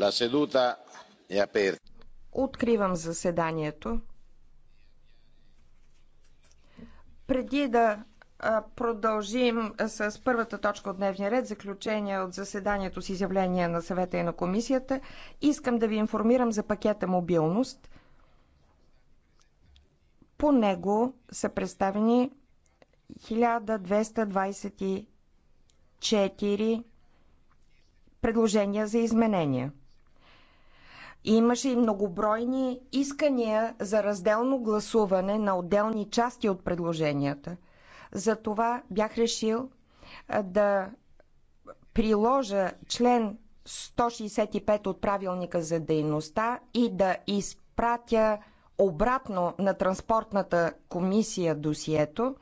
La seduta aperta. Откривам заседанието. Преди да продължим с първата точка от дневния ред, заключение от заседанието с изявление на съвета и на комисията, искам да ви информирам за пакета мобилност. По него са представени 1224 предложения за изменения. Имаше и многобройни искания за разделно гласуване на отделни части от предложенията. Затова бях решил да приложа член 165 от правилника за дейността и да изпратя обратно на транспортната комисия досието,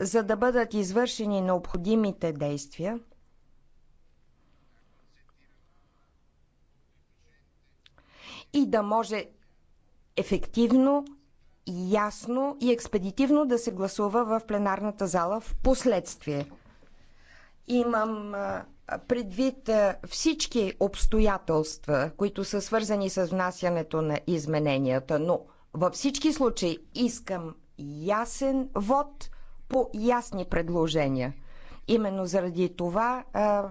за да бъдат извършени необходимите действия – и да може ефективно, ясно и експедитивно да се гласува в пленарната зала в последствие. Имам предвид всички обстоятелства, които са свързани с внасянето на измененията, но във всички случаи искам ясен вод по ясни предложения. Именно заради това а,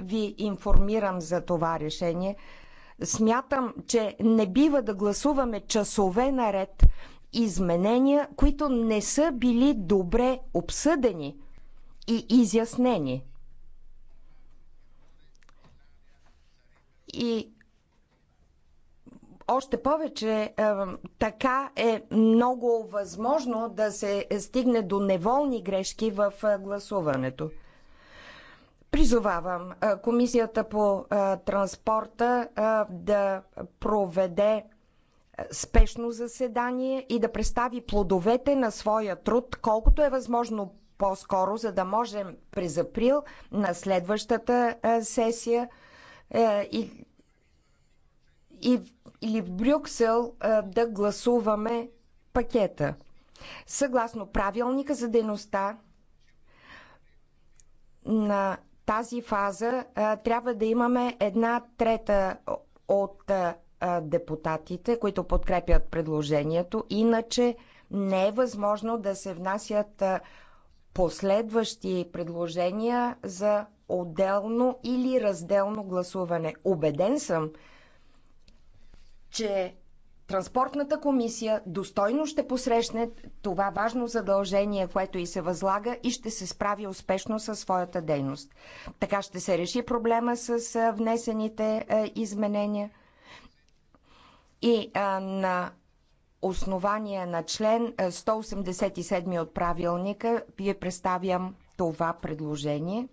ви информирам за това решение Смятам, че не бива да гласуваме часове наред изменения, които не са били добре обсъдени и изяснени. И още повече е, така е много възможно да се стигне до неволни грешки в е, гласуването. Призовавам Комисията по транспорта да проведе спешно заседание и да представи плодовете на своя труд, колкото е възможно по-скоро, за да можем през април на следващата сесия е, и, и, или в Брюксел да гласуваме пакета. Съгласно правилника за дейността на тази фаза трябва да имаме една трета от депутатите, които подкрепят предложението. Иначе не е възможно да се внасят последващи предложения за отделно или разделно гласуване. Обеден съм, че Транспортната комисия достойно ще посрещне това важно задължение, което и се възлага и ще се справи успешно със своята дейност. Така ще се реши проблема с внесените изменения и на основание на член 187 от правилника ви представям това предложение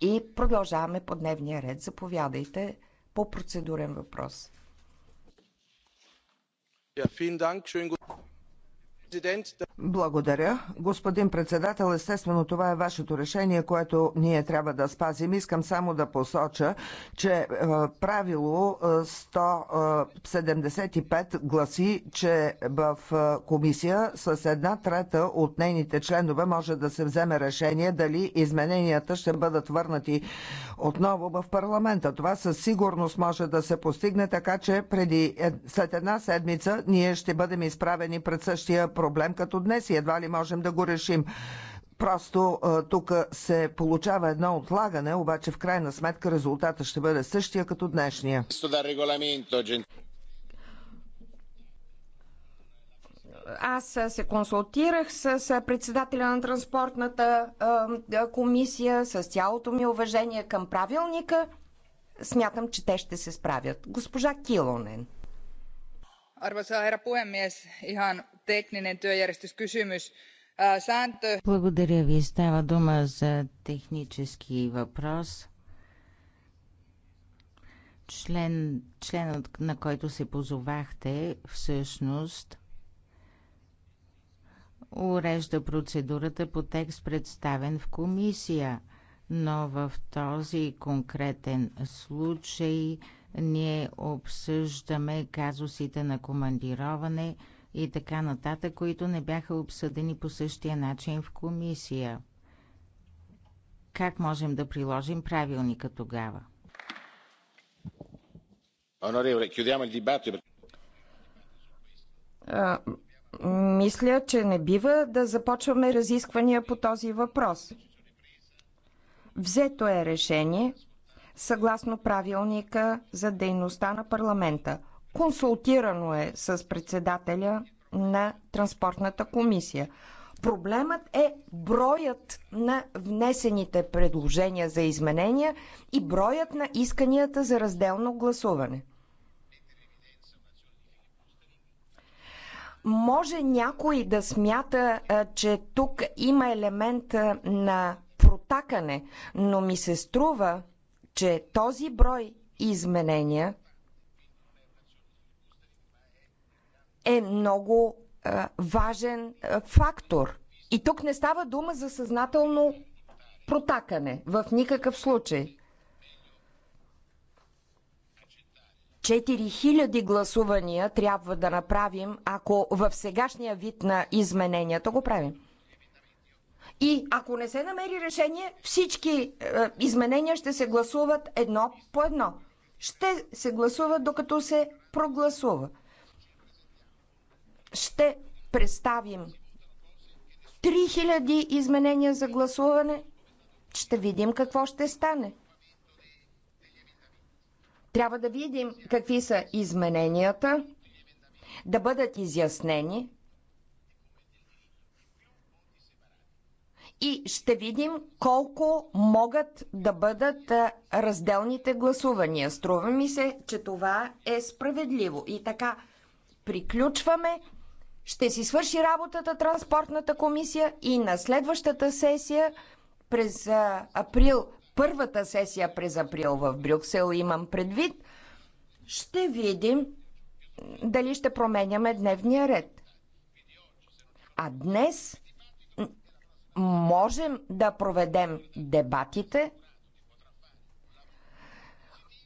и продължаваме по дневния ред. Заповядайте по процедурен въпрос vielen dank schönen. guten. Благодаря. Господин председател, естествено това е вашето решение, което ние трябва да спазим. Искам само да посоча, че е, правило 175 е, е, гласи, че в комисия с една трета от нейните членове може да се вземе решение дали измененията ще бъдат върнати отново в парламента. Това със сигурност може да се постигне, така че преди, след една седмица ние ще бъдем изправени пред същия проблем като днес и едва ли можем да го решим. Просто тук се получава едно отлагане, обаче в крайна сметка резултата ще бъде същия като днешния. аз се консултирах с председателя на транспортната комисия, с цялото ми уважение към правилника. Смятам, че те ще се справят. Госпожа Килонен. Arvoisa herra puhemies, ihan благодаря ви. Става дума за технически въпрос. Член, членът, на който се позовахте, всъщност урежда процедурата по текст представен в комисия, но в този конкретен случай ние обсъждаме казусите на командироване – и така нататък, които не бяха обсъдени по същия начин в комисия. Как можем да приложим правилника тогава? мисля, че не бива да започваме разисквания по този въпрос. Взето е решение съгласно правилника за дейността на парламента. Консултирано е с председателя на Транспортната комисия. Проблемът е броят на внесените предложения за изменения и броят на исканията за разделно гласуване. Може някой да смята, че тук има елемент на протакане, но ми се струва, че този брой изменения – е много а, е, важен а, е, фактор. И тук не става дума за съзнателно протакане в никакъв случай. 4000 гласувания трябва да направим, ако в сегашния вид на измененията го правим. И ако не се намери решение, всички е, изменения ще се гласуват едно по едно. Ще се гласуват докато се прогласува ще представим 3000 изменения за гласуване. Ще видим какво ще стане. Трябва да видим какви са измененията, да бъдат изяснени и ще видим колко могат да бъдат разделните гласувания. Струва ми се, че това е справедливо. И така, приключваме ще си свърши работата Транспортната комисия и на следващата сесия през април, първата сесия през април в Брюксел имам предвид, ще видим дали ще променяме дневния ред. А днес можем да проведем дебатите.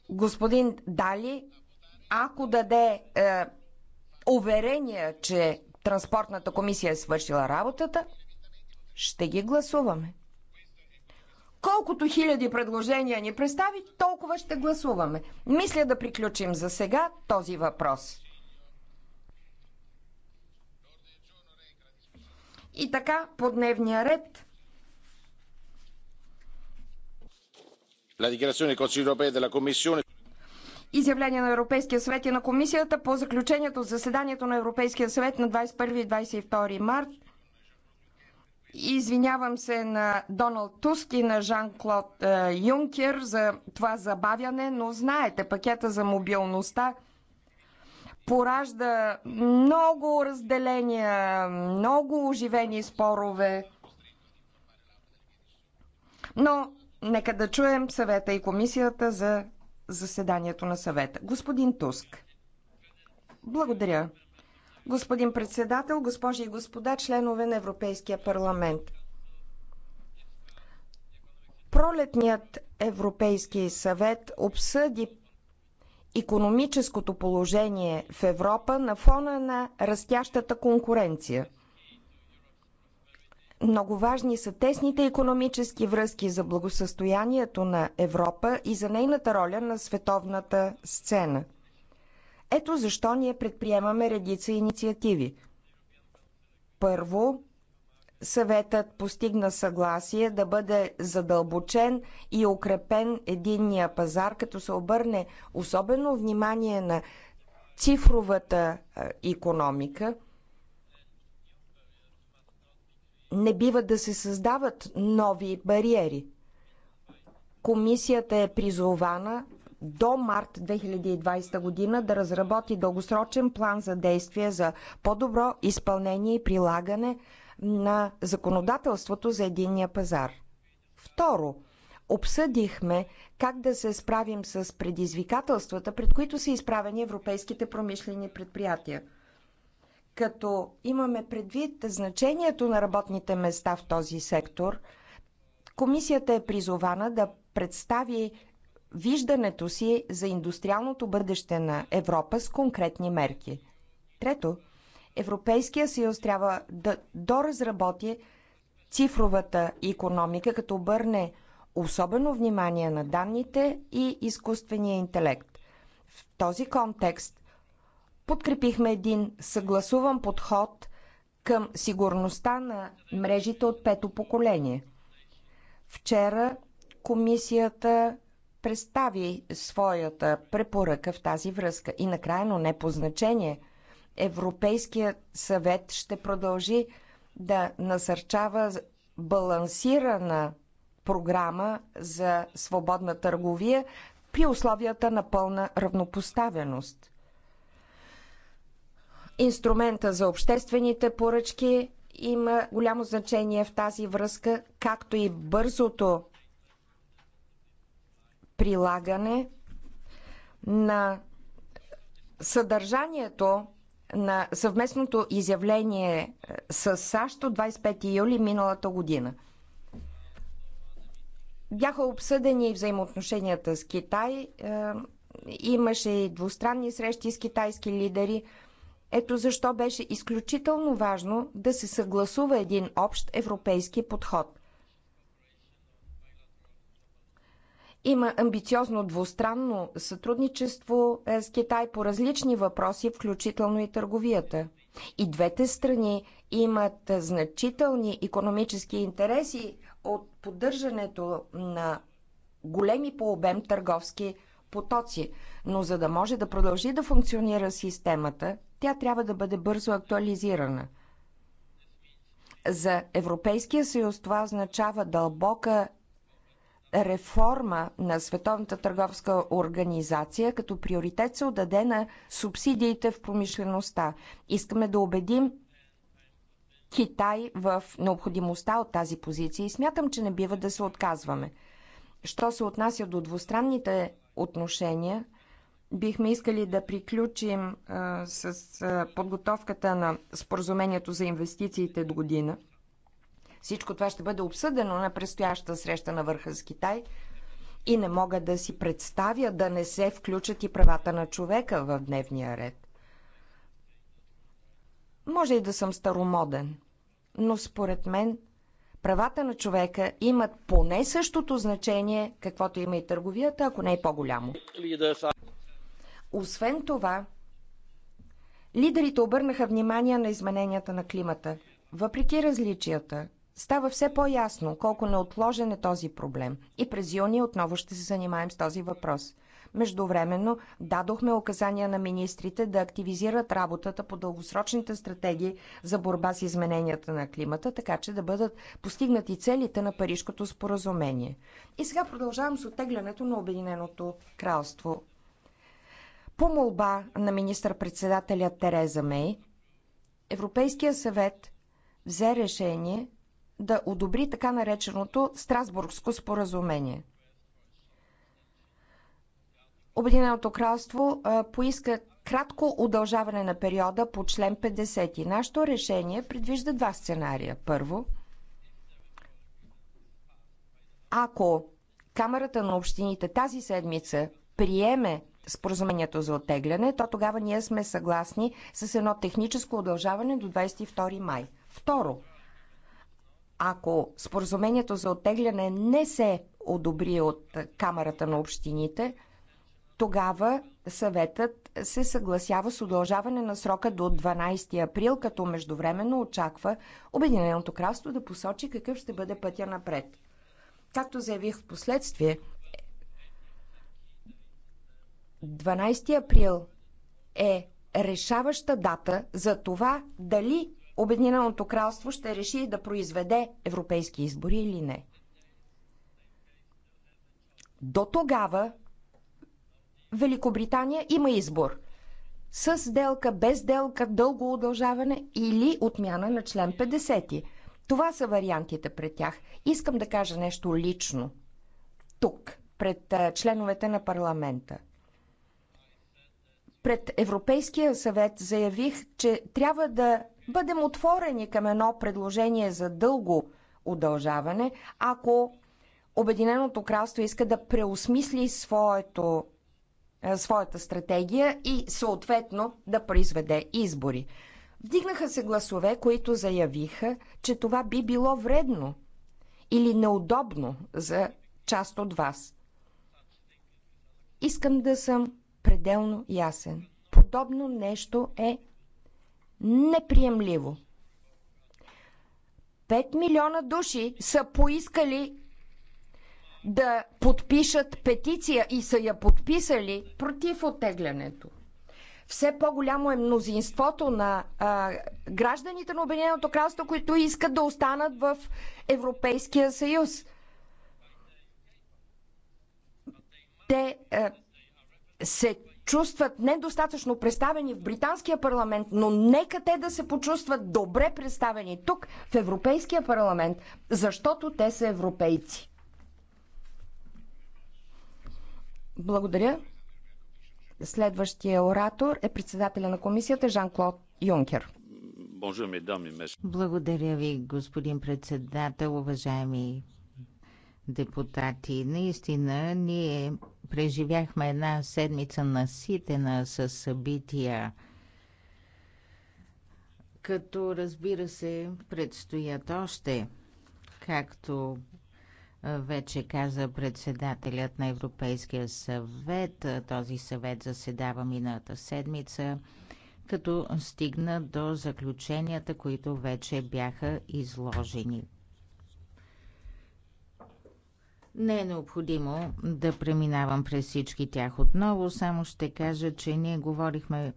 Господин Дали, ако даде е, уверение, че Транспортната комисия е свършила работата. Ще ги гласуваме. Колкото хиляди предложения ни представи, толкова ще гласуваме. Мисля да приключим за сега този въпрос. И така, по дневния ред. La dichiarazione del Consiglio europeo e della Commissione изявление на Европейския съвет и на комисията по заключението от заседанието на Европейския съвет на 21 и 22 март. Извинявам се на Доналд Туск и на Жан-Клод е, Юнкер за това забавяне, но знаете, пакета за мобилността поражда много разделения, много оживени спорове. Но нека да чуем съвета и комисията за заседанието на съвета. Господин Туск. Благодаря. Господин председател, госпожи и господа, членове на Европейския парламент. Пролетният Европейски съвет обсъди економическото положение в Европа на фона на растящата конкуренция – много важни са тесните економически връзки за благосъстоянието на Европа и за нейната роля на световната сцена. Ето защо ние предприемаме редица инициативи. Първо, съветът постигна съгласие да бъде задълбочен и укрепен единния пазар, като се обърне особено внимание на цифровата економика – не бива да се създават нови бариери. Комисията е призована до март 2020 година да разработи дългосрочен план за действие за по-добро изпълнение и прилагане на законодателството за единния пазар. Второ, обсъдихме как да се справим с предизвикателствата, пред които са изправени европейските промишлени предприятия – като имаме предвид значението на работните места в този сектор, комисията е призована да представи виждането си за индустриалното бъдеще на Европа с конкретни мерки. Трето, Европейския съюз трябва да доразработи цифровата економика, като обърне особено внимание на данните и изкуствения интелект. В този контекст подкрепихме един съгласуван подход към сигурността на мрежите от пето поколение. Вчера комисията представи своята препоръка в тази връзка. И накрая, но не по значение, Европейският съвет ще продължи да насърчава балансирана програма за свободна търговия при условията на пълна равнопоставеност. Инструмента за обществените поръчки има голямо значение в тази връзка, както и бързото прилагане на съдържанието на съвместното изявление е, с САЩ от 25 юли миналата година. Бяха обсъдени и взаимоотношенията с Китай. Е, имаше и двустранни срещи с китайски лидери – ето защо беше изключително важно да се съгласува един общ европейски подход. Има амбициозно двустранно сътрудничество е, с Китай по различни въпроси, включително и търговията. И двете страни имат значителни економически интереси от поддържането на големи по обем търговски потоци. Но за да може да продължи да функционира системата, тя трябва да бъде бързо актуализирана. За Европейския съюз това означава дълбока реформа на Световната търговска организация, като приоритет се отдаде на субсидиите в промишлеността. Искаме да убедим Китай в необходимостта от тази позиция и смятам, че не бива да се отказваме. Що се отнася до двустранните отношения, бихме искали да приключим а, с а, подготовката на споразумението за инвестициите до година. Всичко това ще бъде обсъдено на предстояща среща на върха с Китай и не мога да си представя да не се включат и правата на човека в дневния ред. Може и да съм старомоден, но според мен правата на човека имат поне същото значение, каквото има и търговията, ако не е по-голямо. Освен това, лидерите обърнаха внимание на измененията на климата. Въпреки различията, става все по-ясно колко неотложен е този проблем. И през юни отново ще се занимаем с този въпрос. Междувременно дадохме указания на министрите да активизират работата по дългосрочните стратегии за борба с измененията на климата, така че да бъдат постигнати целите на Парижкото споразумение. И сега продължавам с оттеглянето на Обединеното кралство по молба на министър-председателя Тереза Мей, Европейския съвет взе решение да одобри така нареченото Страсбургско споразумение. Обединеното кралство поиска кратко удължаване на периода по член 50. Нашето решение предвижда два сценария. Първо, ако Камерата на общините тази седмица приеме споразумението за оттегляне, то тогава ние сме съгласни с едно техническо удължаване до 22 май. Второ, ако споразумението за оттегляне не се одобри от Камерата на общините, тогава съветът се съгласява с удължаване на срока до 12 април, като междувременно очаква Обединеното кралство да посочи какъв ще бъде пътя напред. Както заявих в последствие, 12 април е решаваща дата за това дали Обединеното кралство ще реши да произведе европейски избори или не. До тогава Великобритания има избор с сделка, без сделка, дълго удължаване или отмяна на член 50. Това са вариантите пред тях. Искам да кажа нещо лично. Тук, пред членовете на парламента – пред Европейския съвет заявих, че трябва да бъдем отворени към едно предложение за дълго удължаване, ако Обединеното кралство иска да преосмисли своето, е, своята стратегия и съответно да произведе избори. Вдигнаха се гласове, които заявиха, че това би било вредно или неудобно за част от вас. Искам да съм пределно ясен. Подобно нещо е неприемливо. 5 милиона души са поискали да подпишат петиция и са я подписали против оттеглянето. Все по-голямо е мнозинството на а, гражданите на Обединеното кралство, които искат да останат в Европейския съюз. Те а, се чувстват недостатъчно представени в британския парламент, но нека те да се почувстват добре представени тук, в Европейския парламент, защото те са европейци. Благодаря. Следващия оратор е председателя на комисията Жан-Клод Юнкер. Благодаря ви, господин председател, уважаеми депутати. Наистина, ние преживяхме една седмица наситена с събития. Като разбира се, предстоят още, както вече каза председателят на Европейския съвет. Този съвет заседава миналата седмица, като стигна до заключенията, които вече бяха изложени. Не е необходимо да преминавам през всички тях отново, само ще кажа, че ние говорихме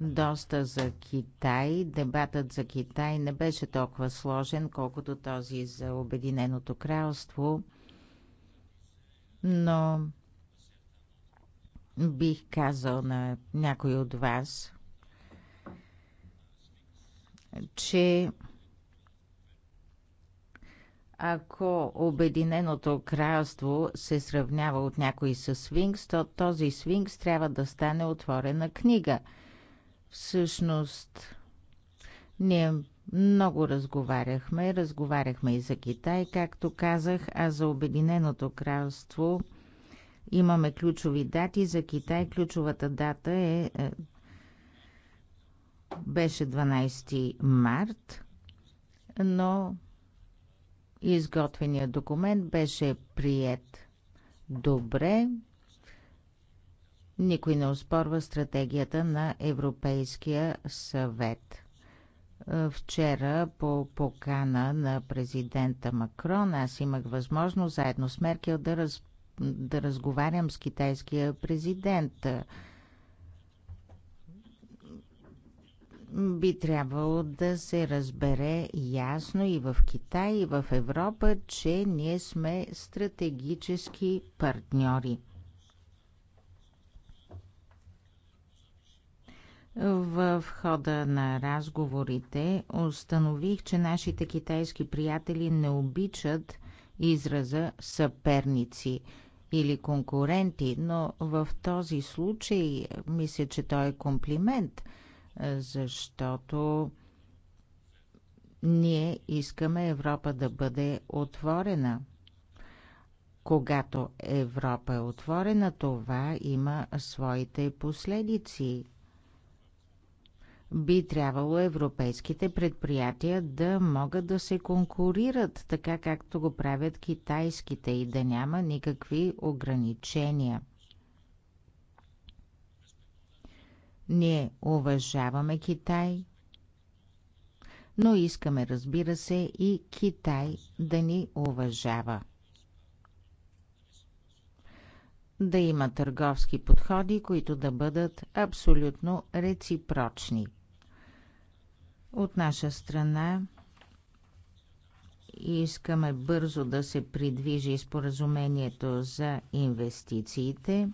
доста за Китай. Дебатът за Китай не беше толкова сложен, колкото този за Обединеното кралство. Но бих казал на някой от вас, че ако Обединеното кралство се сравнява от някой с Свинкс, то този Свинкс трябва да стане отворена книга. Всъщност, ние много разговаряхме. Разговаряхме и за Китай, както казах, а за Обединеното кралство имаме ключови дати. За Китай ключовата дата е, е беше 12 март, но Изготвеният документ беше прият добре. Никой не успорва стратегията на Европейския съвет. Е, вчера по покана на президента Макрон аз имах възможност заедно с Меркел да, раз, да разговарям с китайския президент. би трябвало да се разбере ясно и в Китай, и в Европа, че ние сме стратегически партньори. В хода на разговорите установих, че нашите китайски приятели не обичат израза съперници или конкуренти, но в този случай мисля, че той е комплимент – защото ние искаме Европа да бъде отворена. Когато Европа е отворена, това има своите последици. Би трябвало европейските предприятия да могат да се конкурират, така както го правят китайските и да няма никакви ограничения – Ние уважаваме Китай, но искаме, разбира се, и Китай да ни уважава. Да има търговски подходи, които да бъдат абсолютно реципрочни. От наша страна искаме бързо да се придвижи споразумението за инвестициите.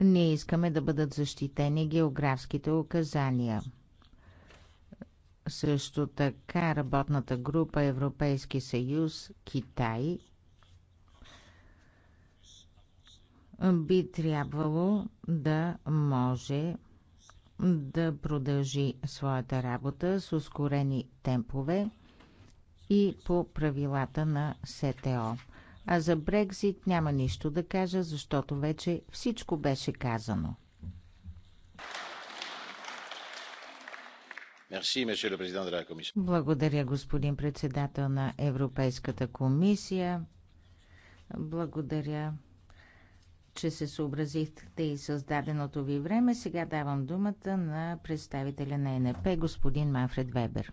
Ние искаме да бъдат защитени географските указания. Също така работната група Европейски съюз Китай би трябвало да може да продължи своята работа с ускорени темпове и по правилата на СТО. А за Брекзит няма нищо да кажа, защото вече всичко беше казано. Благодаря, господин председател на Европейската комисия. Благодаря че се съобразихте и създаденото ви време. Сега давам думата на представителя на ЕНП, господин Манфред Вебер.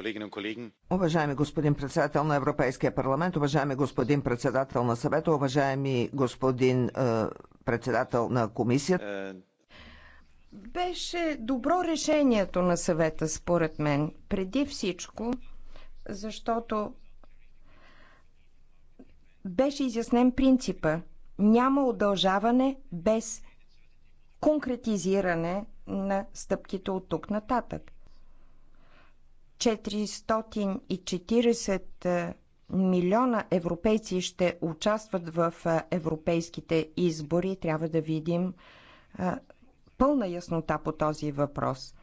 Уважаеми господин председател на Европейския парламент, уважаеми господин председател на съвета, уважаеми господин е, председател на комисията. Е, беше добро решението на съвета, според мен. Преди всичко, защото беше изяснен принципа няма удължаване без конкретизиране на стъпките от тук нататък. 440 е, милиона европейци ще участват в е, европейските избори. Трябва да видим е, пълна яснота по този въпрос.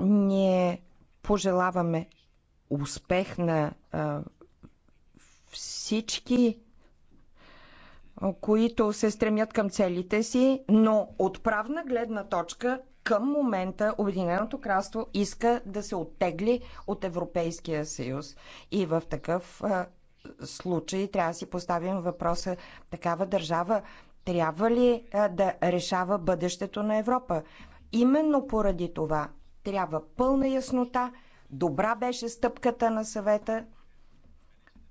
Ние пожелаваме успех на всички, които се стремят към целите си, но от правна гледна точка към момента Обединеното кралство иска да се оттегли от Европейския съюз. И в такъв случай трябва да си поставим въпроса такава държава трябва ли да решава бъдещето на Европа? Именно поради това трябва пълна яснота. Добра беше стъпката на съвета,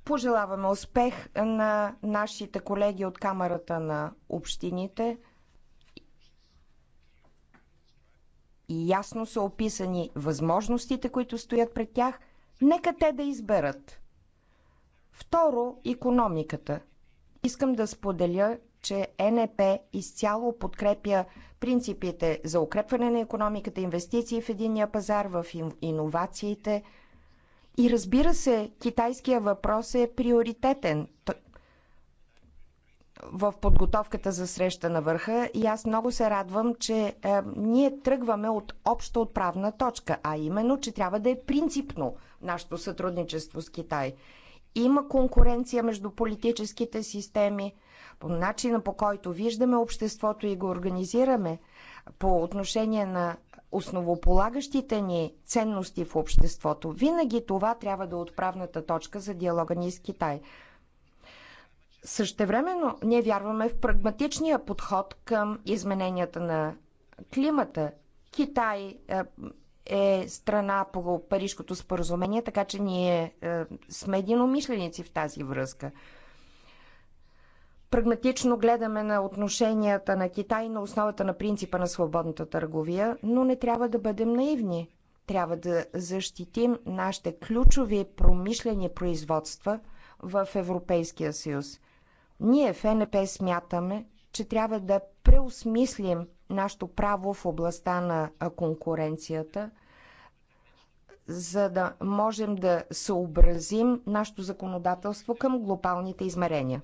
Пожелаваме успех на нашите колеги от Камерата на общините. И ясно са описани възможностите, които стоят пред тях. Нека те да изберат. Второ, економиката. Искам да споделя, че НП изцяло подкрепя принципите за укрепване на економиката, инвестиции в единия пазар, в иновациите – и разбира се, китайския въпрос е приоритетен в подготовката за среща на върха и аз много се радвам, че е, ние тръгваме от обща отправна точка, а именно, че трябва да е принципно нашето сътрудничество с Китай. Има конкуренция между политическите системи, по начина по който виждаме обществото и го организираме, по отношение на основополагащите ни ценности в обществото. Винаги това трябва да е отправната точка за диалога ни с Китай. Същевременно ние вярваме в прагматичния подход към измененията на климата. Китай е, е страна по Парижкото споразумение, така че ние е, сме единомишленици в тази връзка прагматично гледаме на отношенията на Китай на основата на принципа на свободната търговия, но не трябва да бъдем наивни. Трябва да защитим нашите ключови промишлени производства в Европейския съюз. Ние в НП смятаме, че трябва да преосмислим нашето право в областта на конкуренцията – за да можем да съобразим нашето законодателство към глобалните измерения.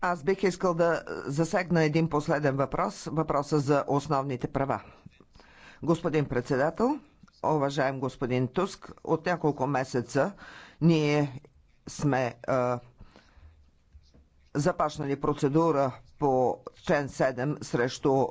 Аз бих искал да засегна един последен въпрос, въпроса за основните права. Господин председател, уважаем господин Туск, от няколко месеца ние сме а, започнали процедура по член 7 срещу е,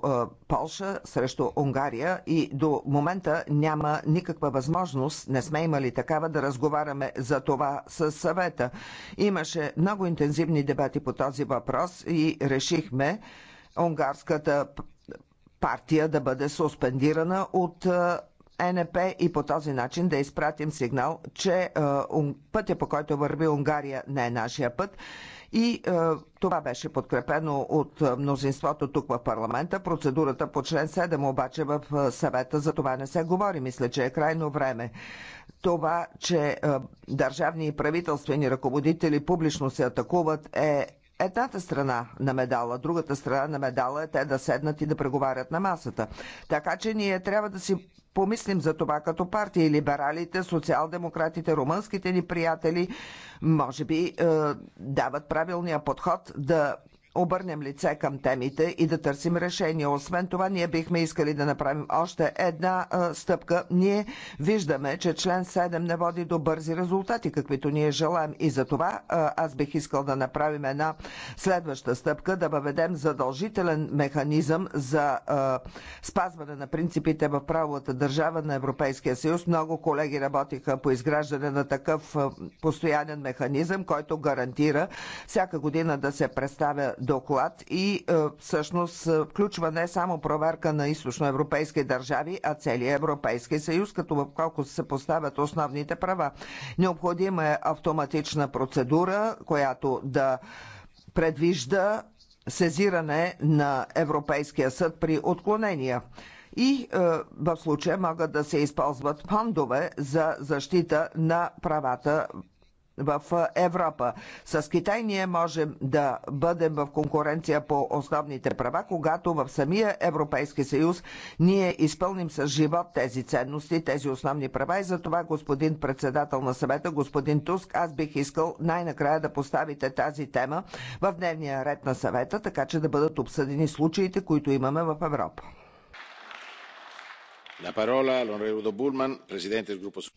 Полша, срещу Унгария и до момента няма никаква възможност, не сме имали такава, да разговаряме за това с съвета. Имаше много интензивни дебати по този въпрос и решихме унгарската партия да бъде суспендирана от е, НП и по този начин да изпратим сигнал, че е, пътя по който върви Унгария не е нашия път и е, това беше подкрепено от е, мнозинството тук в парламента. Процедурата по член 7 обаче в е, съвета за това не се говори. Мисля, че е крайно време. Това, че е, държавни и правителствени ръководители публично се атакуват е е, едната страна на медала. Другата страна на медала е те да седнат и да преговарят на масата. Така че ние трябва да си помислим за това като партия. Либералите, социал-демократите, румънските ни приятели, може би, е, дават правилния подход да обърнем лице към темите и да търсим решение. Освен това, ние бихме искали да направим още една а, стъпка. Ние виждаме, че член 7 не води до бързи резултати, каквито ние желаем. И за това а, аз бих искал да направим една следваща стъпка, да въведем задължителен механизъм за а, спазване на принципите в правовата държава на Европейския съюз. Много колеги работиха по изграждане на такъв а, постоянен механизъм, който гарантира всяка година да се представя доклад и е, всъщност е, включва не само проверка на източноевропейски държави, а целия Европейски съюз, като в колко се поставят основните права. Необходима е автоматична процедура, която да предвижда сезиране на Европейския съд при отклонения и е, в случая могат да се използват фондове за защита на правата в Европа. С Китай ние можем да бъдем в конкуренция по основните права, когато в самия Европейски съюз ние изпълним с живот тези ценности, тези основни права и за това, господин председател на съвета, господин Туск, аз бих искал най-накрая да поставите тази тема в дневния ред на съвета, така че да бъдат обсъдени случаите, които имаме в Европа.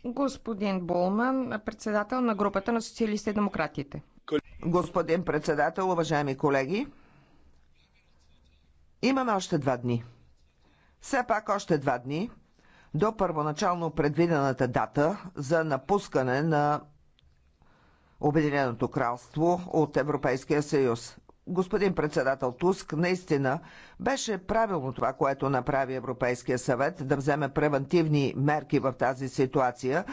Господин Булман, председател на групата на социалистите и демократите. Господин председател, уважаеми колеги, имаме още два дни. Все пак още два дни до първоначално предвидената дата за напускане на Обединеното кралство от Европейския съюз господин председател Туск, наистина беше правилно това, което направи Европейския съвет, да вземе превентивни мерки в тази ситуация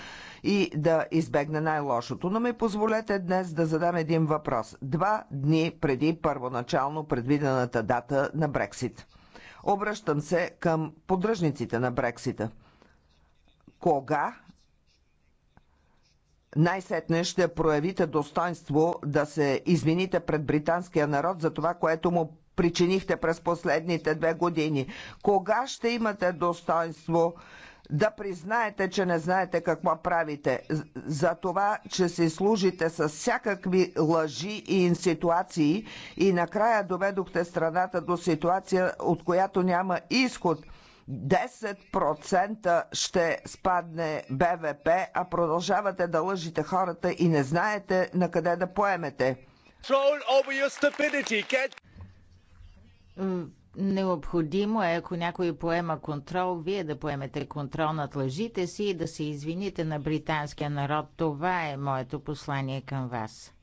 и да избегне най-лошото. Но ми позволете днес да задам един въпрос. Два дни преди първоначално предвидената дата на Брексит. Обръщам се към поддръжниците на Брексита. Кога най-сетне ще проявите достоинство да се извините пред британския народ за това, което му причинихте през последните две години. Кога ще имате достоинство да признаете, че не знаете какво правите, за това, че си служите с всякакви лъжи и инситуации и накрая доведохте страната до ситуация, от която няма изход – 10% ще спадне БВП, а продължавате да лъжите хората и не знаете на къде да поемете. Необходимо е, ако някой поема контрол, вие да поемете контрол над лъжите си и да се извините на британския народ. Това е моето послание към вас.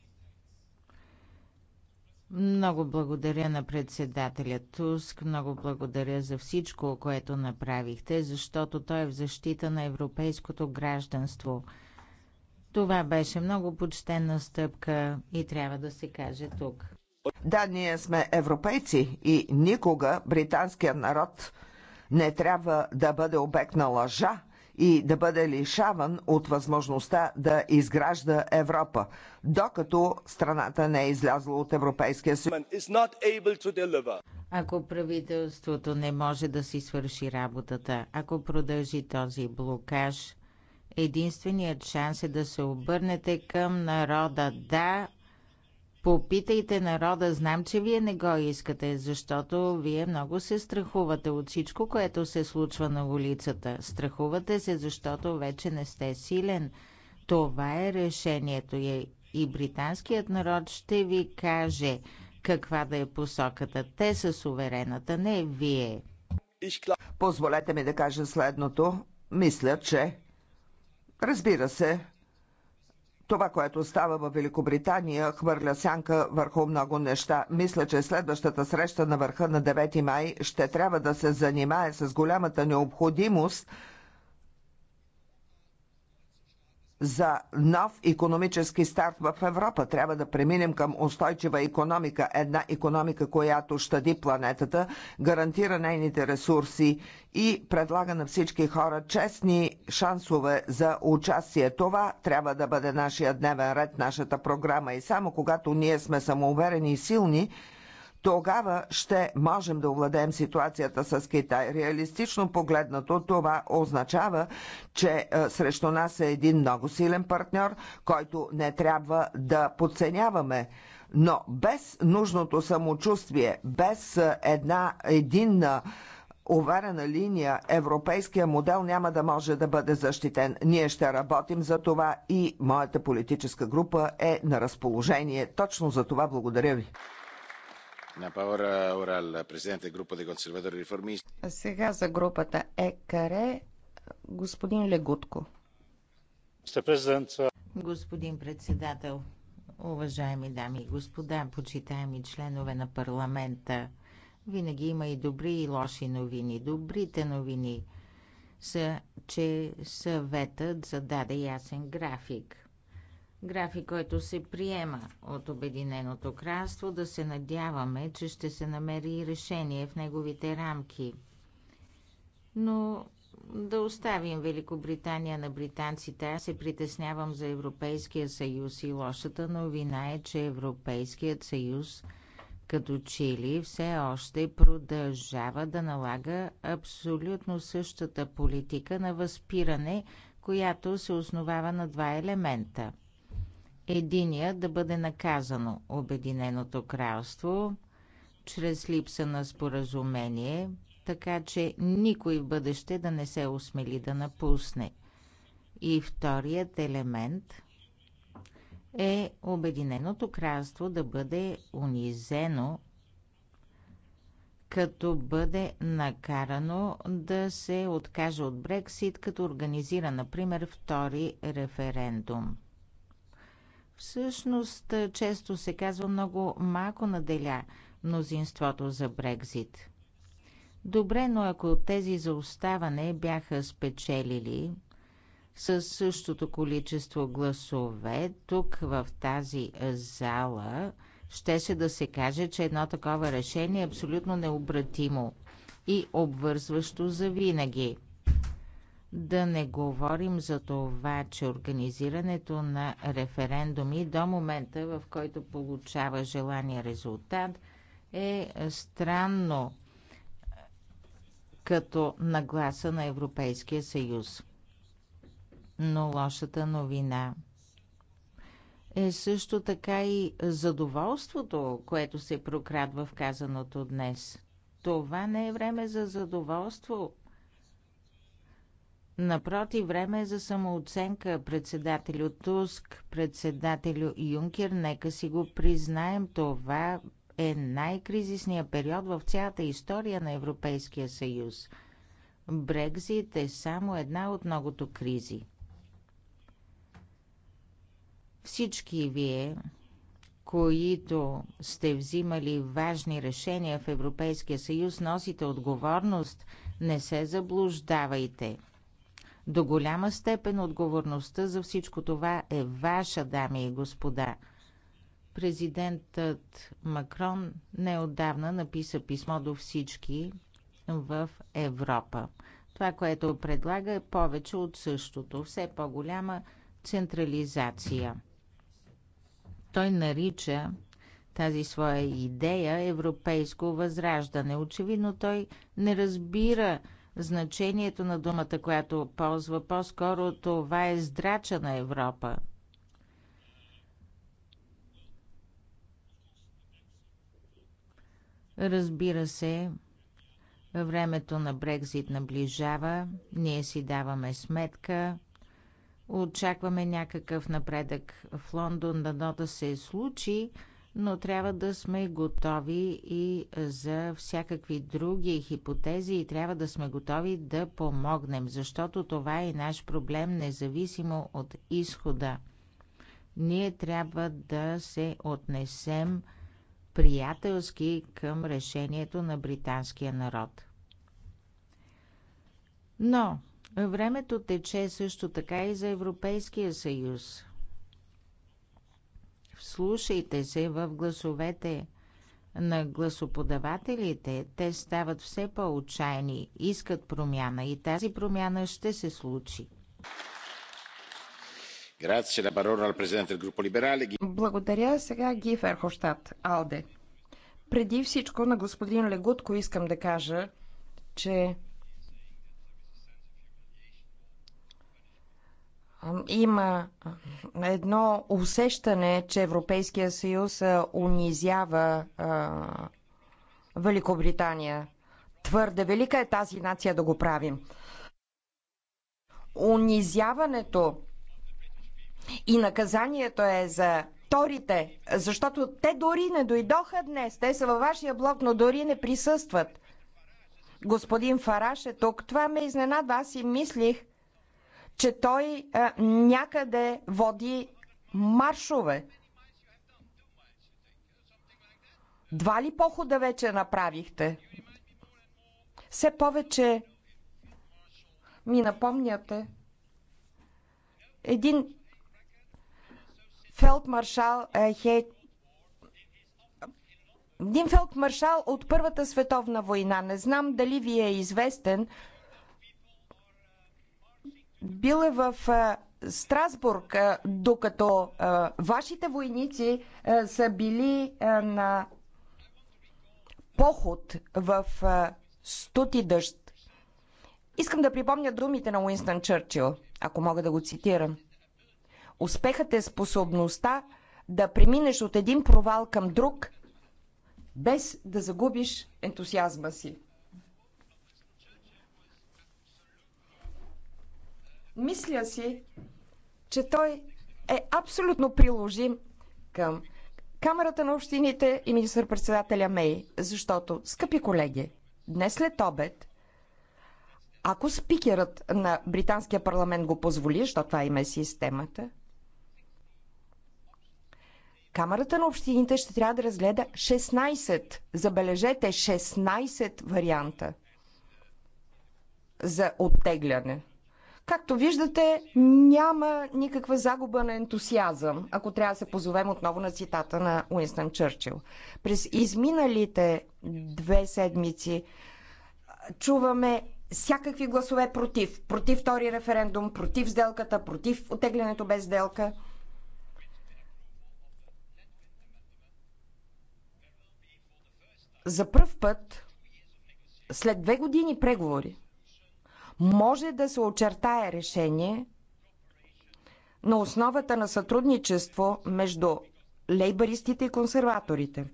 Много благодаря на председателя Туск, много благодаря за всичко, което направихте, защото той е в защита на европейското гражданство. Това беше много почтена стъпка и трябва да се каже тук. Да, ние сме европейци и никога британският народ не трябва да бъде обект на лъжа и да бъде лишаван от възможността да изгражда Европа, докато страната не е излязла от Европейския съюз. Ако правителството не може да си свърши работата, ако продължи този блокаж, единственият шанс е да се обърнете към народа. Да, Попитайте народа, знам, че вие не го искате, защото вие много се страхувате от всичко, което се случва на улицата. Страхувате се, защото вече не сте силен. Това е решението и британският народ ще ви каже каква да е посоката. Те са суверената, не вие. Позволете ми да кажа следното. Мисля, че... Разбира се, това, което става в Великобритания, хвърля сянка върху много неща. Мисля, че следващата среща на върха на 9 май ще трябва да се занимае с голямата необходимост за нов економически старт в Европа. Трябва да преминем към устойчива економика, една економика, която щади планетата, гарантира нейните ресурси и предлага на всички хора честни шансове за участие. Това трябва да бъде нашия дневен ред, нашата програма и само когато ние сме самоуверени и силни, тогава ще можем да овладеем ситуацията с Китай. Реалистично погледнато това означава, че е, срещу нас е един много силен партньор, който не трябва да подценяваме. Но без нужното самочувствие, без е, една единна уверена линия, европейския модел няма да може да бъде защитен. Ние ще работим за това и моята политическа група е на разположение. Точно за това благодаря ви сега за групата ЕКР господин Легутко. Господин председател, уважаеми дами и господа, почитаеми членове на парламента, винаги има и добри и лоши новини. Добрите новини са, че съветът зададе ясен график – график, който се приема от Обединеното кралство, да се надяваме, че ще се намери решение в неговите рамки. Но да оставим Великобритания на британците. Аз се притеснявам за Европейския съюз и лошата новина е, че Европейският съюз като Чили все още продължава да налага абсолютно същата политика на възпиране, която се основава на два елемента единия да бъде наказано Обединеното кралство чрез липса на споразумение, така че никой в бъдеще да не се осмели да напусне. И вторият елемент е Обединеното кралство да бъде унизено, като бъде накарано да се откаже от Брексит, като организира, например, втори референдум. Всъщност, е, често се казва много малко наделя мнозинството за Брекзит. Добре, но ако тези за оставане бяха спечелили със същото количество гласове, тук в тази зала щеше да се каже, че едно такова решение е абсолютно необратимо и обвързващо за винаги. Да не говорим за това, че организирането на референдуми до момента, в който получава желания резултат, е странно като нагласа на Европейския съюз. Но лошата новина е също така и задоволството, което се прокрадва в казаното днес. Това не е време за задоволство, Напротив, време е за самооценка. Председателю Туск, председателю Юнкер, нека си го признаем, това е най-кризисният период в цялата история на Европейския съюз. Брекзит е само една от многото кризи. Всички вие, които сте взимали важни решения в Европейския съюз, носите отговорност. Не се заблуждавайте – до голяма степен отговорността за всичко това е ваша, дами и господа. Президентът Макрон неодавна написа писмо до всички в Европа. Това, което предлага е повече от същото, все по-голяма централизация. Той нарича тази своя идея европейско възраждане. Очевидно той не разбира значението на думата, която ползва. По-скоро това е здрача на Европа. Разбира се, времето на Брекзит наближава, ние си даваме сметка, очакваме някакъв напредък в Лондон, дано да се случи, но трябва да сме готови и за всякакви други хипотези и трябва да сме готови да помогнем, защото това е наш проблем, независимо от изхода. Ние трябва да се отнесем приятелски към решението на британския народ. Но времето тече също така и за Европейския съюз. Вслушайте се в гласовете на гласоподавателите. Те стават все по-отчаяни, искат промяна и тази промяна ще се случи. Благодаря. Сега Ги Ферхоштадт, Алде. Преди всичко на господин Легутко искам да кажа, че има едно усещане, че Европейския съюз унизява Великобритания. Твърде велика е тази нация да го правим. Унизяването и наказанието е за вторите, защото те дори не дойдоха днес. Те са във вашия блок, но дори не присъстват. Господин Фараш е тук. Това ме изненадва. Аз и мислих, че той а, е, някъде води маршове. Два ли похода вече направихте? Все повече ми напомняте един фелдмаршал е, Хейт един фелдмаршал от Първата световна война. Не знам дали ви е известен, бил е в Страсбург, докато вашите войници са били на поход в студ и дъжд. Искам да припомня думите на Уинстън Чърчил, ако мога да го цитирам. Успехът е способността да преминеш от един провал към друг, без да загубиш ентусиазма си. Мисля си, че той е абсолютно приложим към Камерата на общините и министър-председателя Мей, защото, скъпи колеги, днес след обед, ако спикерът на британския парламент го позволи, защото това има е системата, Камерата на общините ще трябва да разгледа 16, забележете, 16 варианта за оттегляне. Както виждате, няма никаква загуба на ентусиазъм, ако трябва да се позовем отново на цитата на Уинстън Чърчил. През изминалите две седмици чуваме всякакви гласове против. Против втори референдум, против сделката, против отеглянето без сделка. За първ път, след две години преговори, може да се очертае решение на основата на сътрудничество между лейбаристите и консерваторите.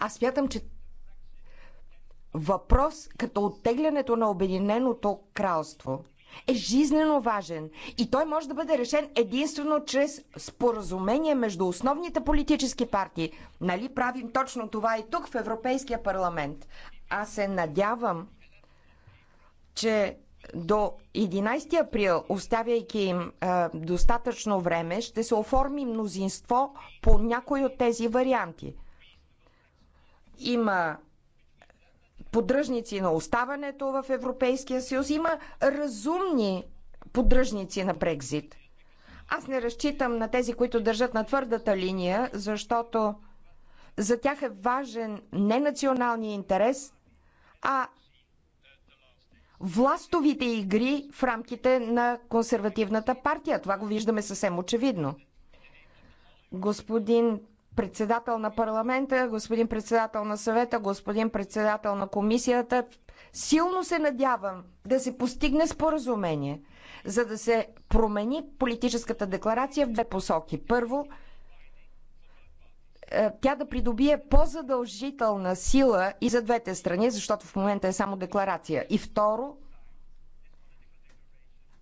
Аз смятам, че въпрос като оттеглянето на Обединеното кралство е жизнено важен и той може да бъде решен единствено чрез споразумение между основните политически партии. Нали правим точно това и тук в Европейския парламент? Аз се надявам, че до 11 април, оставяйки им а, достатъчно време, ще се оформи мнозинство по някой от тези варианти. Има поддръжници на оставането в Европейския съюз, има разумни поддръжници на Брекзит. Аз не разчитам на тези, които държат на твърдата линия, защото за тях е важен не националния интерес, а властовите игри в рамките на консервативната партия. Това го виждаме съвсем очевидно. Господин председател на парламента, господин председател на съвета, господин председател на комисията, силно се надявам да се постигне споразумение, за да се промени политическата декларация в две посоки. Първо, е, тя да придобие по-задължителна сила и за двете страни, защото в момента е само декларация. И второ,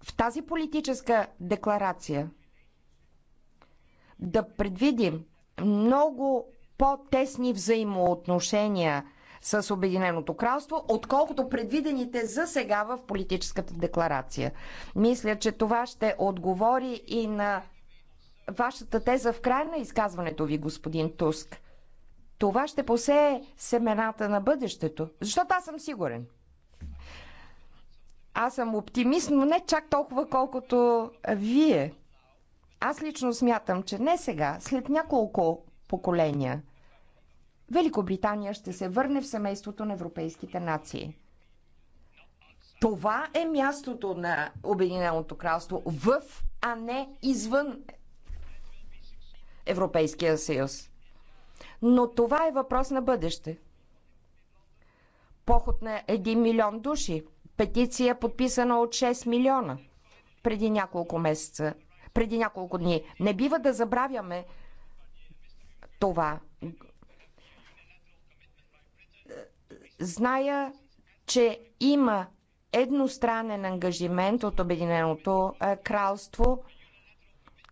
в тази политическа декларация да предвидим много по-тесни взаимоотношения с Обединеното кралство, отколкото предвидените за сега в политическата декларация. Мисля, че това ще отговори и на вашата теза в края на изказването ви, господин Туск. Това ще посее семената на бъдещето, защото аз съм сигурен. Аз съм оптимист, но не чак толкова, колкото вие. Аз лично смятам, че не сега, след няколко поколения, Великобритания ще се върне в семейството на европейските нации. Това е мястото на Обединеното кралство в, а не извън Европейския съюз. Но това е въпрос на бъдеще. Поход на 1 милион души. Петиция подписана от 6 милиона преди няколко месеца, преди няколко дни. Не бива да забравяме това. Зная, че има едностранен ангажимент от Обединеното кралство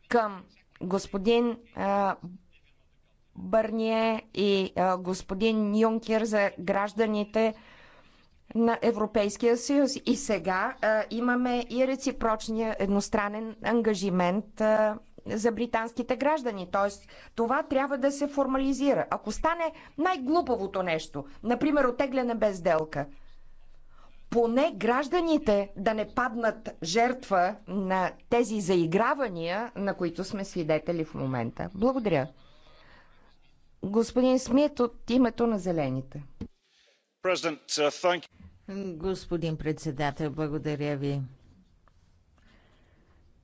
към господин Бърние и господин Юнкер за гражданите на Европейския съюз. И сега имаме и реципрочния едностранен ангажимент за британските граждани. Т.е. това трябва да се формализира. Ако стане най-глупавото нещо, например, отегляне без делка, поне гражданите да не паднат жертва на тези заигравания, на които сме свидетели в момента. Благодаря. Господин Смит от името на Зелените. Uh, Господин председател, благодаря ви.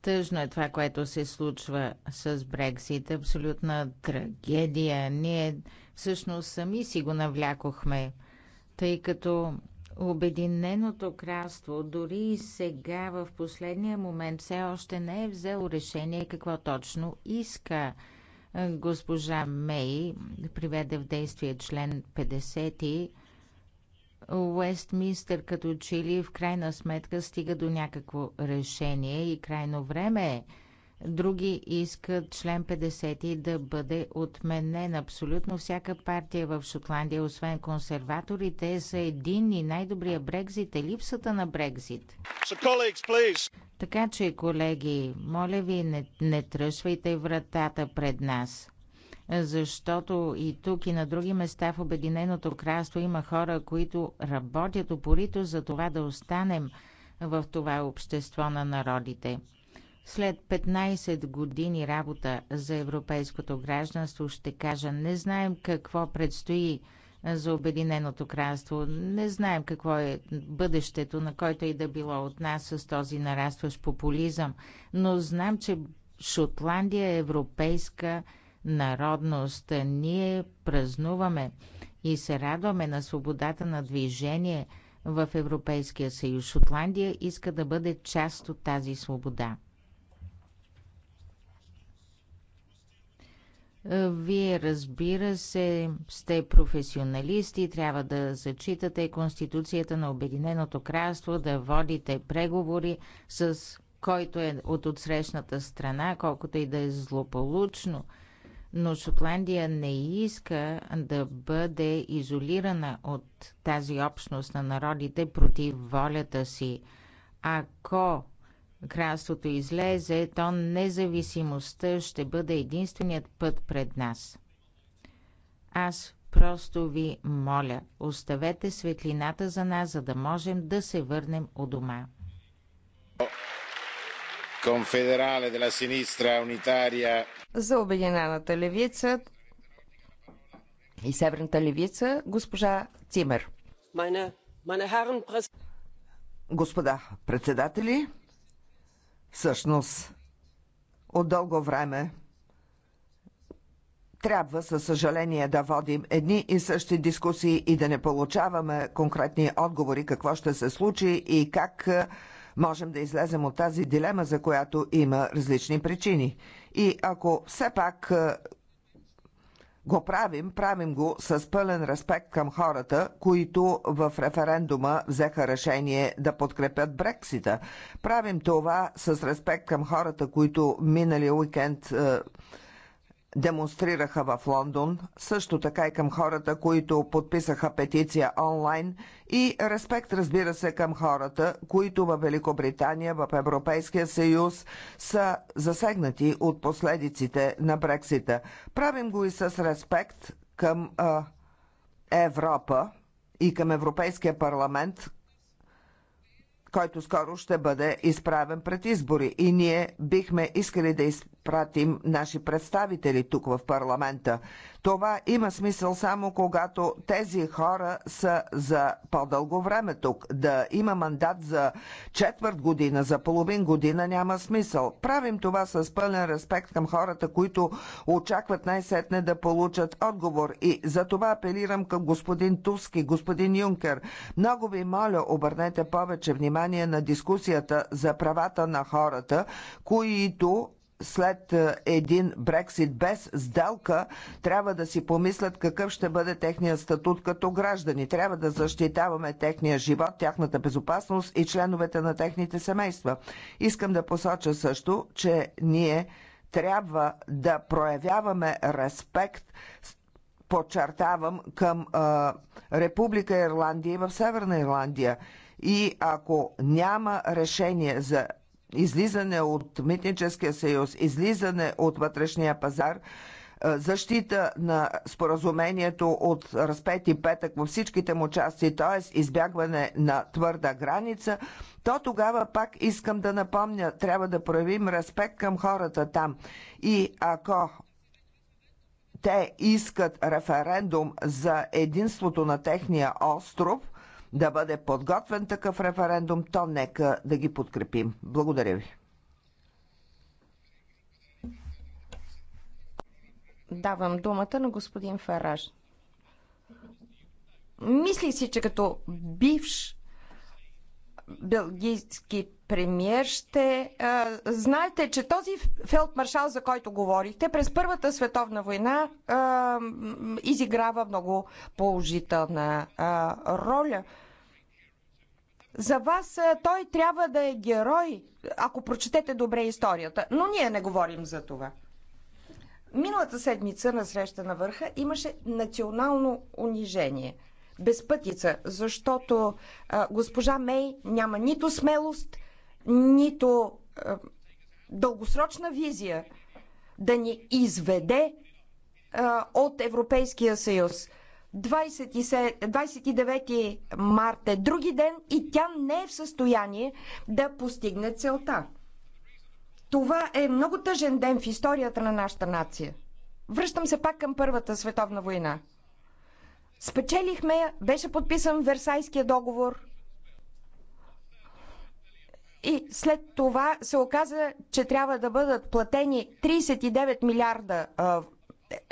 Тъжно е това, което се случва с Брексит. Абсолютна трагедия. Ние всъщност сами си го навлякохме, тъй като Обединеното кралство дори и сега в последния момент все още не е взело решение какво точно иска. Госпожа Мей приведе в действие член 50 Уестминстър като че ли в крайна сметка стига до някакво решение и крайно време е Други искат член 50 да бъде отменен. Абсолютно всяка партия в Шотландия, освен консерваторите, са един и най-добрия Брекзит е липсата на Брекзит. So, така че, колеги, моля ви, не, не тръшвайте вратата пред нас. Защото и тук, и на други места в Обединеното кралство има хора, които работят упорито за това да останем в това общество на народите. След 15 години работа за европейското гражданство ще кажа, не знаем какво предстои за Обединеното кралство. Не знаем какво е бъдещето, на който и да било от нас с този нарастващ популизъм, но знам, че Шотландия е европейска народност. Ние празнуваме и се радваме на свободата на движение в Европейския съюз. Шотландия иска да бъде част от тази свобода. Е, вие, разбира се, сте професионалисти, трябва да зачитате Конституцията на Обединеното кралство, да водите преговори с който е от отсрещната страна, колкото и да е злополучно. Но Шотландия не иска да бъде изолирана от тази общност на народите против волята си. Ако кралството излезе, то независимостта ще бъде единственият път пред нас. Аз просто ви моля, оставете светлината за нас, за да можем да се върнем у дома. Конфедерале За Обединената левица и Северната левица, госпожа Цимер. Господа председатели, Всъщност, от дълго време трябва със съжаление да водим едни и същи дискусии и да не получаваме конкретни отговори какво ще се случи и как е, можем да излезем от тази дилема, за която има различни причини. И ако все пак е, го правим, правим го с пълен респект към хората, които в референдума взеха решение да подкрепят Брексита. Правим това с респект към хората, които миналия уикенд е, демонстрираха в Лондон, също така и към хората, които подписаха петиция онлайн и респект, разбира се, към хората, които във Великобритания, в Европейския съюз са засегнати от последиците на Брексита. Правим го и с респект към а, Европа и към Европейския парламент, който скоро ще бъде изправен пред избори. И ние бихме искали да изправим пратим наши представители тук в парламента. Това има смисъл само когато тези хора са за по-дълго време тук. Да има мандат за четвърт година, за половин година няма смисъл. Правим това с пълен респект към хората, които очакват най-сетне да получат отговор. И за това апелирам към господин Туски, господин Юнкер. Много ви моля, обърнете повече внимание на дискусията за правата на хората, които след е, един Брексит без сделка, трябва да си помислят какъв ще бъде техният статут като граждани. Трябва да защитаваме техния живот, тяхната безопасност и членовете на техните семейства. Искам да посоча също, че ние трябва да проявяваме респект подчертавам, към а, е, Република Ирландия и в Северна Ирландия. И ако няма решение за излизане от митническия съюз, излизане от вътрешния пазар, защита на споразумението от разпети петък във всичките му части, т.е. избягване на твърда граница, то тогава пак искам да напомня, трябва да проявим респект към хората там. И ако те искат референдум за единството на техния остров, да бъде подготвен такъв референдум, то нека да ги подкрепим. Благодаря ви. Давам думата на господин Фараж. Мисли си, че като бивш белгийски премьер, ще а, знаете, че този фелдмаршал, за който говорихте, през Първата световна война а, изиграва много положителна а, роля. За вас е, той трябва да е герой, ако прочетете добре историята. Но ние не говорим за това. Миналата седмица на среща на върха имаше национално унижение. Безпътица, защото а, госпожа Мей няма нито смелост, нито а, дългосрочна визия да ни изведе а, от Европейския съюз. 27, 29 март е други ден и тя не е в състояние да постигне целта. Това е много тъжен ден в историята на нашата нация. Връщам се пак към Първата световна война. Спечелихме я, беше подписан Версайския договор. И след това се оказа, че трябва да бъдат платени 39 милиарда а,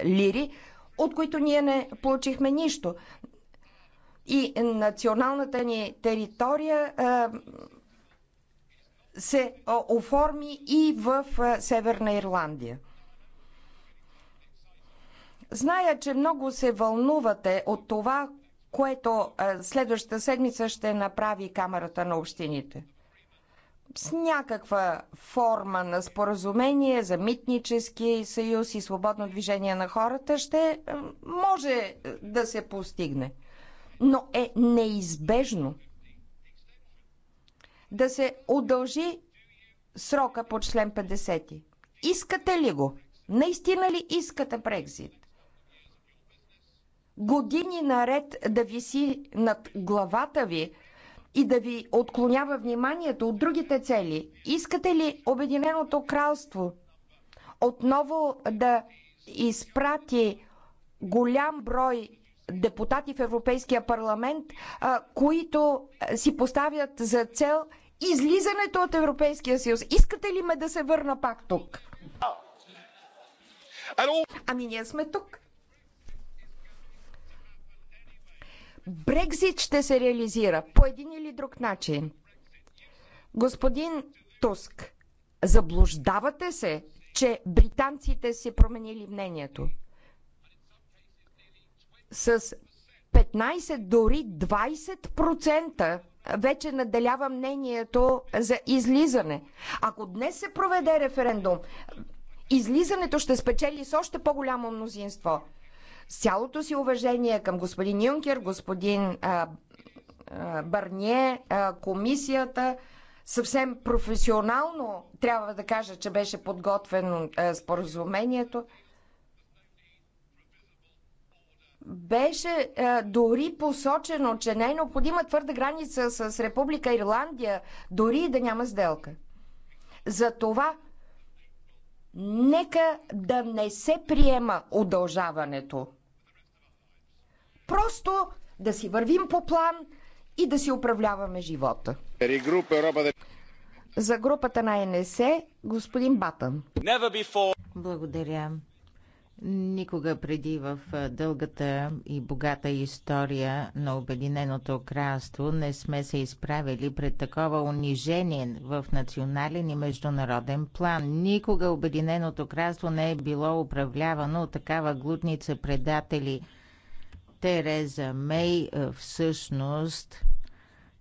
лири, от които ние не получихме нищо. И националната ни територия се оформи и в Северна Ирландия. Зная, че много се вълнувате от това, което следващата седмица ще направи Камерата на общините с някаква форма на споразумение за митнически съюз и свободно движение на хората ще е, може да се постигне. Но е неизбежно да се удължи срока по член 50. Искате ли го? Наистина ли искате Брекзит? Години наред да виси над главата ви и да ви отклонява вниманието от другите цели. Искате ли Обединеното кралство отново да изпрати голям брой депутати в Европейския парламент, които си поставят за цел излизането от Европейския съюз. Искате ли ме да се върна пак тук? Ами ние сме тук. Брекзит ще се реализира по един или друг начин. Господин Туск, заблуждавате се, че британците си променили мнението. С 15, дори 20% вече наделява мнението за излизане. Ако днес се проведе референдум, излизането ще спечели с още по-голямо мнозинство. С цялото си уважение към господин Юнкер, господин а, а, Барние, а, комисията, съвсем професионално трябва да кажа, че беше подготвено а, споразумението. Беше а, дори посочено, че не е необходима твърда граница с Република Ирландия, дори да няма сделка. Затова нека да не се приема удължаването. Просто да си вървим по план и да си управляваме живота. За групата на НС, господин Батън. Благодаря. Никога преди в дългата и богата история на Обединеното кралство не сме се изправили пред такова унижение в национален и международен план. Никога Обединеното кралство не е било управлявано от такава глутница предатели – Тереза Мей е, всъщност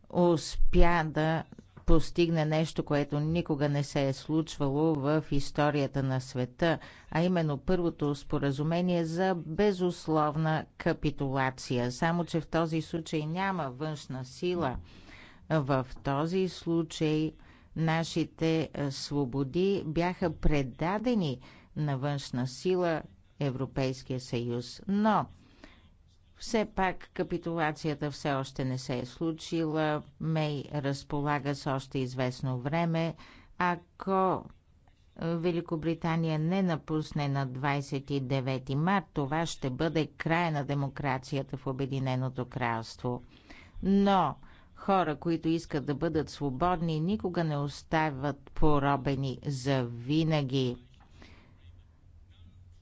успя да постигне нещо, което никога не се е случвало в историята на света, а именно първото споразумение за безусловна капитулация. Само, че в този случай няма външна сила. В този случай нашите е, свободи бяха предадени на външна сила Европейския съюз. Но все пак капитулацията все още не се е случила. Мей разполага с още известно време. Ако Великобритания не напусне на 29 март, това ще бъде края на демокрацията в Обединеното кралство. Но хора, които искат да бъдат свободни, никога не остават поробени за винаги.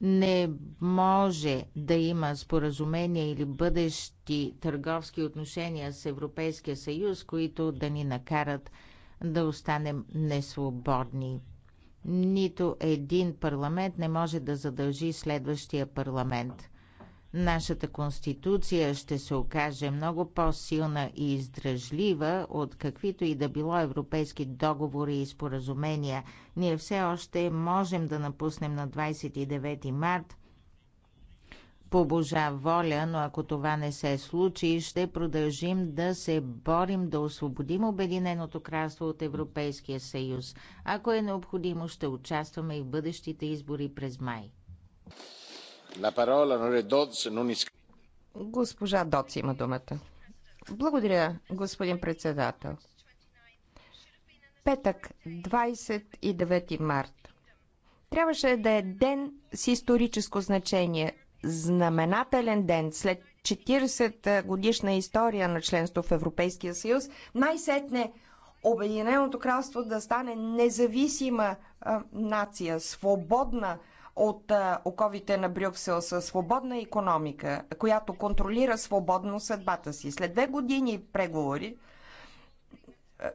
Не може да има споразумения или бъдещи търговски отношения с Европейския съюз, които да ни накарат да останем несвободни. Нито един парламент не може да задължи следващия парламент. Нашата конституция ще се окаже много по-силна и издръжлива от каквито и да било европейски договори и споразумения. Ние все още можем да напуснем на 29 март по Божа воля, но ако това не се случи, ще продължим да се борим да освободим Обединеното кралство от Европейския съюз. Ако е необходимо, ще участваме и в бъдещите избори през май. Госпожа Доц има думата. Благодаря, господин председател. Петък, 29 март. Трябваше да е ден с историческо значение. Знаменателен ден след 40 годишна история на членство в Европейския съюз. Най-сетне Обединеното кралство да стане независима а, нация, свободна а, от оковите на Брюксел със свободна економика, която контролира свободно съдбата си. След две години преговори,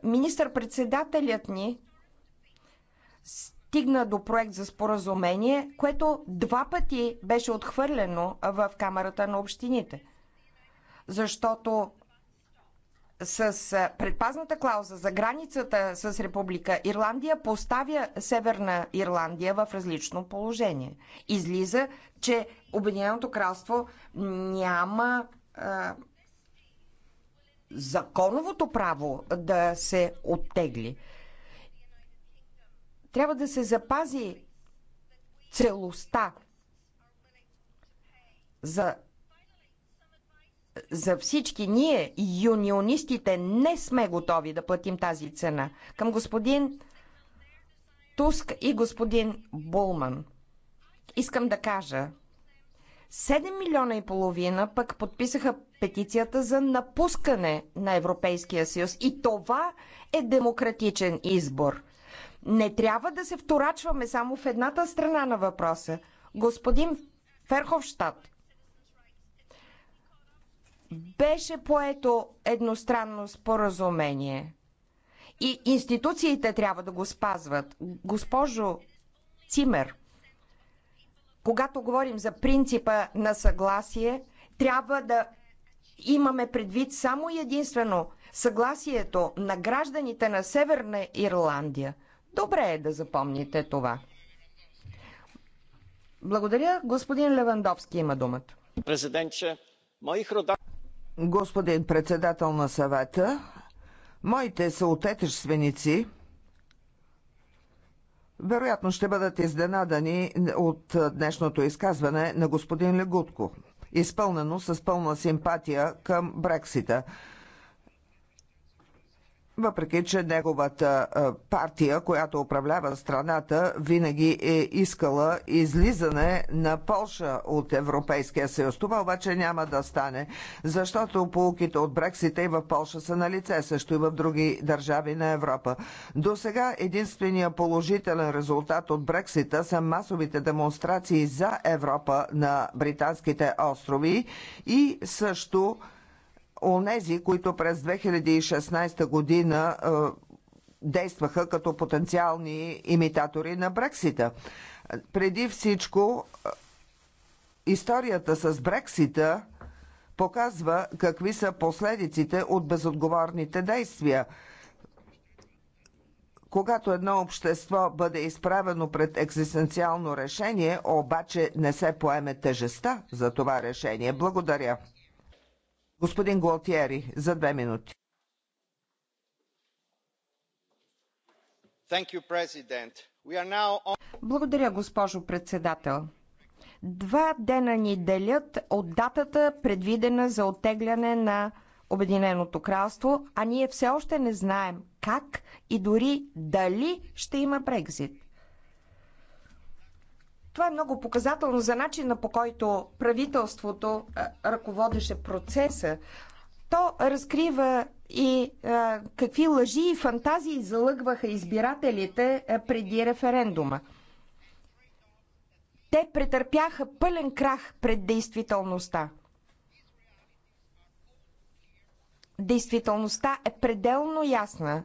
министър-председателят ни стигна до проект за споразумение, което два пъти беше отхвърлено в Камерата на общините. Защото с предпазната клауза за границата с Република Ирландия поставя Северна Ирландия в различно положение. Излиза, че Обединеното кралство няма а, законовото право да се оттегли. Трябва да се запази целостта за за всички ние, юнионистите, не сме готови да платим тази цена. Към господин Туск и господин Булман искам да кажа, 7 милиона и половина пък подписаха петицията за напускане на Европейския съюз. И това е демократичен избор. Не трябва да се вторачваме само в едната страна на въпроса. Господин Ферховщад, беше поето едностранно споразумение. И институциите трябва да го спазват. Госпожо Цимер, когато говорим за принципа на съгласие, трябва да имаме предвид само и единствено съгласието на гражданите на Северна Ирландия. Добре е да запомните това. Благодаря. Господин Левандовски има думата. Президентче, моих родак господин председател на съвета, моите съотечественици вероятно ще бъдат изненадани от днешното изказване на господин Легутко, изпълнено с пълна симпатия към Брексита въпреки че неговата партия, която управлява страната, винаги е искала излизане на Полша от Европейския съюз. Това обаче няма да стане, защото полуките от Брексита и в Полша са на лице, също и в други държави на Европа. До сега единствения положителен резултат от Брексита са масовите демонстрации за Европа на британските острови и също онези, които през 2016 година е, действаха като потенциални имитатори на Брексита. Преди всичко, е, историята с Брексита показва какви са последиците от безотговорните действия. Когато едно общество бъде изправено пред екзистенциално решение, обаче не се поеме тежестта за това решение. Благодаря. Господин Голтиери, за две минути. Благодаря, госпожо председател. Два дена ни делят от датата, предвидена за оттегляне на Обединеното кралство, а ние все още не знаем как и дори дали ще има Брекзит. Това е много показателно за начина по който правителството е, ръководеше процеса. То разкрива и а, е, какви лъжи и фантазии залъгваха избирателите а, е, преди референдума. Те претърпяха пълен крах пред действителността. Действителността е пределно ясна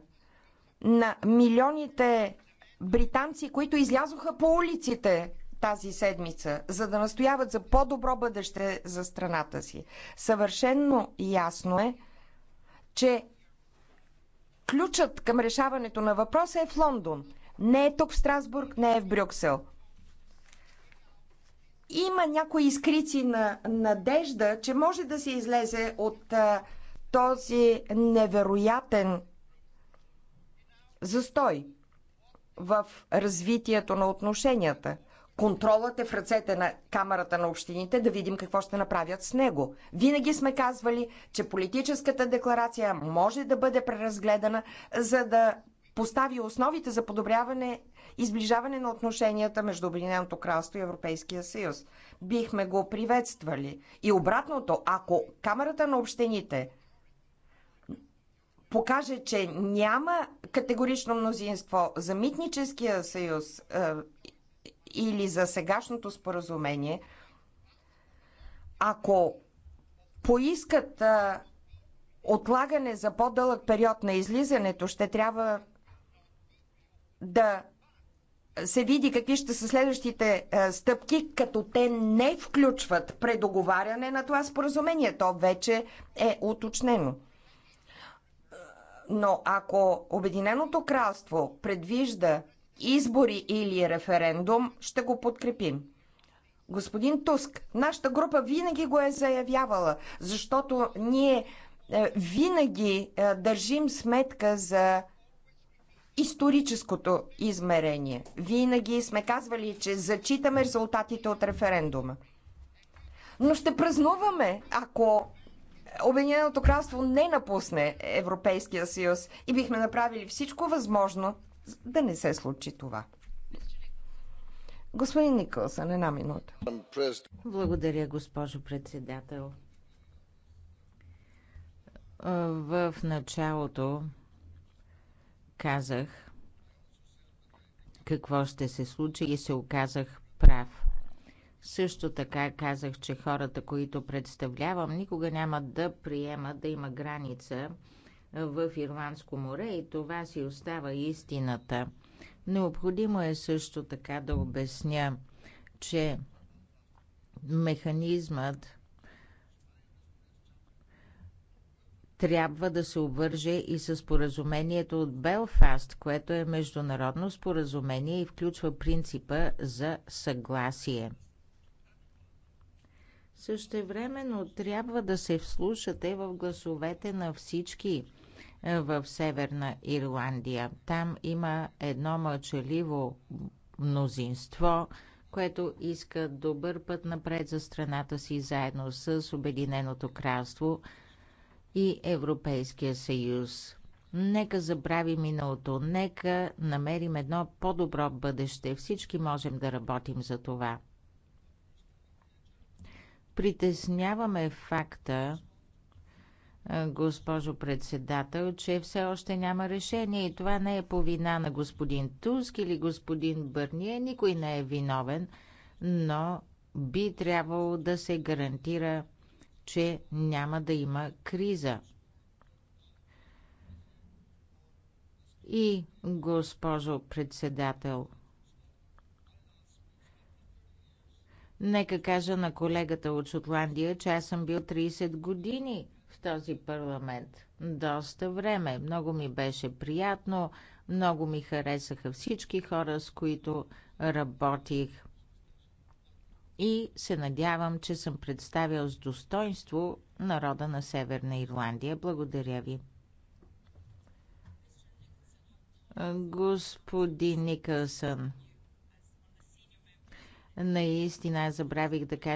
на милионите британци, които излязоха по улиците тази седмица, за да настояват за по-добро бъдеще за страната си. Съвършенно ясно е, че ключът към решаването на въпроса е в Лондон. Не е тук в Страсбург, не е в Брюксел. Има някои изкрици на надежда, че може да се излезе от а, този невероятен застой в развитието на отношенията – контролът е в ръцете на Камерата на общините, да видим какво ще направят с него. Винаги сме казвали, че политическата декларация може да бъде преразгледана, за да постави основите за подобряване и сближаване на отношенията между Обединеното кралство и Европейския съюз. Бихме го приветствали. И обратното, ако Камерата на общините покаже, че няма категорично мнозинство за митническия съюз е, или за сегашното споразумение, ако поискат а, отлагане за по-дълъг период на излизането, ще трябва да се види какви ще са следващите а, стъпки, като те не включват предоговаряне на това споразумение. То вече е уточнено. Но ако Обединеното кралство предвижда избори или референдум, ще го подкрепим. Господин Туск, нашата група винаги го е заявявала, защото ние е, винаги е, държим сметка за историческото измерение. Винаги сме казвали, че зачитаме резултатите от референдума. Но ще празнуваме, ако Обединеното кралство не напусне Европейския съюз и бихме направили всичко възможно да не се случи това. Господин Никълсън, една минута. Благодаря, госпожо председател. В началото казах какво ще се случи и се оказах прав. Също така казах, че хората, които представлявам, никога няма да приемат да има граница в Ирландско море и това си остава истината. Необходимо е също така да обясня, че механизмът трябва да се обвърже и с споразумението от Белфаст, което е международно споразумение и включва принципа за съгласие. Същевременно трябва да се вслушате в гласовете на всички в Северна Ирландия. Там има едно мълчаливо мнозинство, което иска добър път напред за страната си заедно с Обединеното кралство и Европейския съюз. Нека забравим миналото, нека намерим едно по-добро бъдеще. Всички можем да работим за това. Притесняваме факта, госпожо председател, че все още няма решение и това не е по вина на господин Туск или господин Бърния. Никой не е виновен, но би трябвало да се гарантира, че няма да има криза. И, госпожо председател, нека кажа на колегата от Шотландия, че аз съм бил 30 години – този парламент доста време. Много ми беше приятно, много ми харесаха всички хора, с които работих. И се надявам, че съм представил с достоинство народа на Северна Ирландия. Благодаря ви. Господин Никълсън, наистина забравих да кажа,